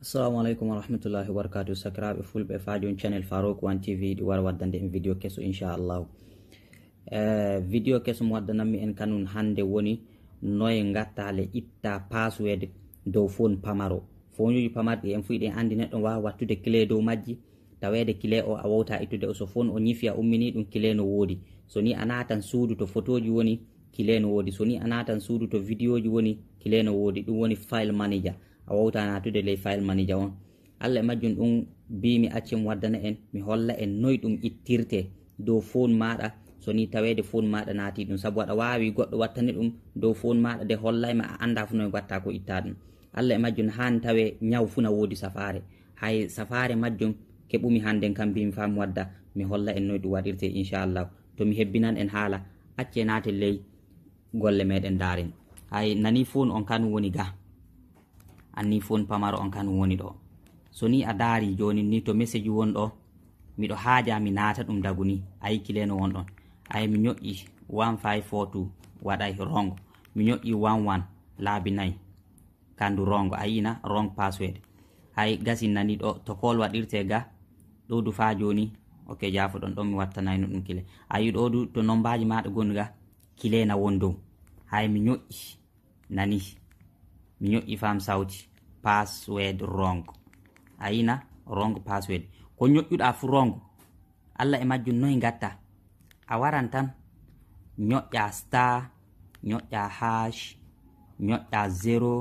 assalamu aleykum warahmatullahi wabarakatu sakiraɓe fulɓe fadion channel farouk one tv ɗi wara waddande en vidéo keso inchallahu uh, eh, vidéo keso mo waddanami en kanum hande woni noye gattale itta paswed dow fon pamaro fonuji pamarɗi en fuu ɗen andi neɗɗo wawa wattude clé dow majji tawede clé o a wawta ittude o so fon o ñifi a ummini ɗum clé no woodi so ni a natan suudu to photo ji woni clé no woodi so ni a natan suudu to vidéo ji woni clé no woodi ɗum woni file manager a wawta natude ley file manija on allah e majjum ɗum bimi accimi waddana en mi holla en noyi ɗum ittirte dow fon maɗa soni tawede fon maɗa nati ɗum saabu aɗa wawi goɗɗo wattani ɗum dow fon maɗa de hollayma a anda fu noe gatta ko itta ɗum allah e majjum han tawe ñaw funa wodi safare hay safare majjum keɓumi hannden kam bimi fa mi wadda mi holla en noyi ɗum waɗirte inchallahu tomi hebbinan en haala acce nate ley golle meɗen daren hay nani fon on kan woni ga anni fon pamaro on kan woni ɗo soni a daari joni ni to message wonɗo miɗo haaja mi naata ɗum daguni ayi kileno wonɗon ayi mi ñoƴƴi 1542 waɗay rong mi ñoƴƴi 11 laabi nayi kandu rong ayina rong passwed hay gasinnani ɗo to kol waɗirte ga ɗoodu fa joni ok jaafo ɗon ɗon mi wattanayno ɗum kile ayi ɗoodu to nombaji maɗa goniga kilena won dow hay mi ñoƴƴi nani mi ñoƴƴi fam sawti password rong ayina rong password ko ñoƴƴuɗa fu rong allah e majjum noyi gatta a waran tan ñoƴƴa star ñoƴƴa hash ñoƴƴa zero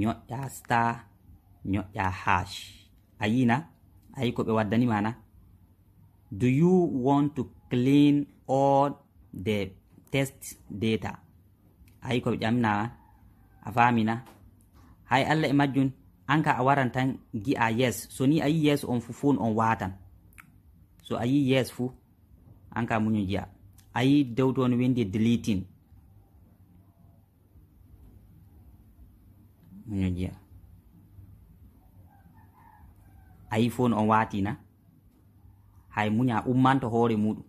ñoƴƴa star ñoƴƴa hash ayina ayi ko ɓe waddanimana do you want to clean all the test data ayi koɓe ƴamina a famina hay allah e majjum an ka a waran tan gi'a yes so ni a yi yes on fu fuun on watan so a yi yes fu an ka muñu jiya a yi dow toon windi deleting muñu jiya a yi fuun on watina hay muña ummanto hoore muɗum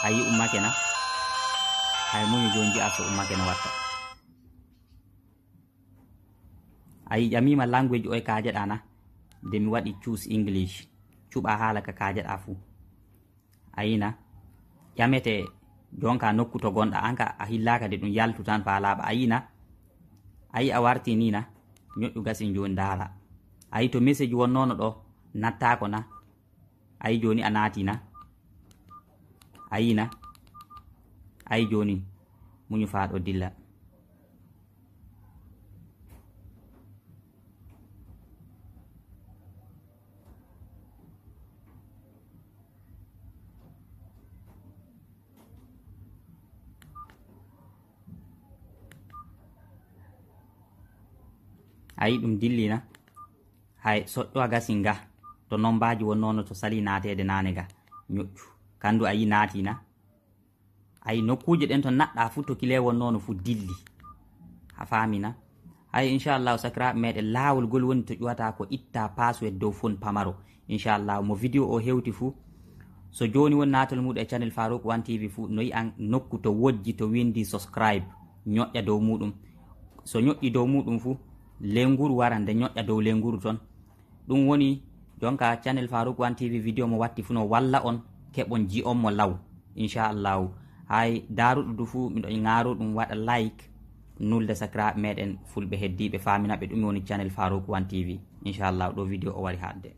ayi ummake na ay muñu joni jeya so ummake na watta ayi ƴamima language o e kajeɗa na de mi waɗi choose english cuɓa haala ka kajeɗa fuu ayina ƴamete jonka nokku to gonɗa anka a hillaka de ɗum yaltu tan fa laaɓa ayina ayi a warti ni na ñoƴƴu gasin joni ndaala ayi to message wonnono ɗo nattako na ayi joni a naati na ayina ayi joni muñu faat o dilla ayi ɗum dillina hay soƴƴo aga singa to nombaji wonnono to sali natede nane ga ñoƴƴu kandu ayi natina ayi nokkuje ɗen to naɗɗa fu tokilewon nono fu dilli a famina ay inchallahu sakiraɓe meɗen lawol gol woni to ƴuwata ko itta paswet dow fon pamaro inchallahu mo vidéo o hewti fu so joni won natal muɗum e channel farouk wan tv fu noyi an nokku to wojji to windi souscribe ñoƴƴa dow muɗum so ñoƴƴi dow muɗum fu lenguru wara nde ñoƴƴa dow lenguru toon ɗum woni jonka channel farouk wan tv vidéo mo watti fu no walla on keɓon ji'onmo law inchallahu hay daruɗo du fuu miɗo garu ɗum waɗa like nulde sacrae meɗen fulɓe heddiɓe faminaɓe ɗum woni channel farouk one tv inchallahu ɗo vidéo o wari hadde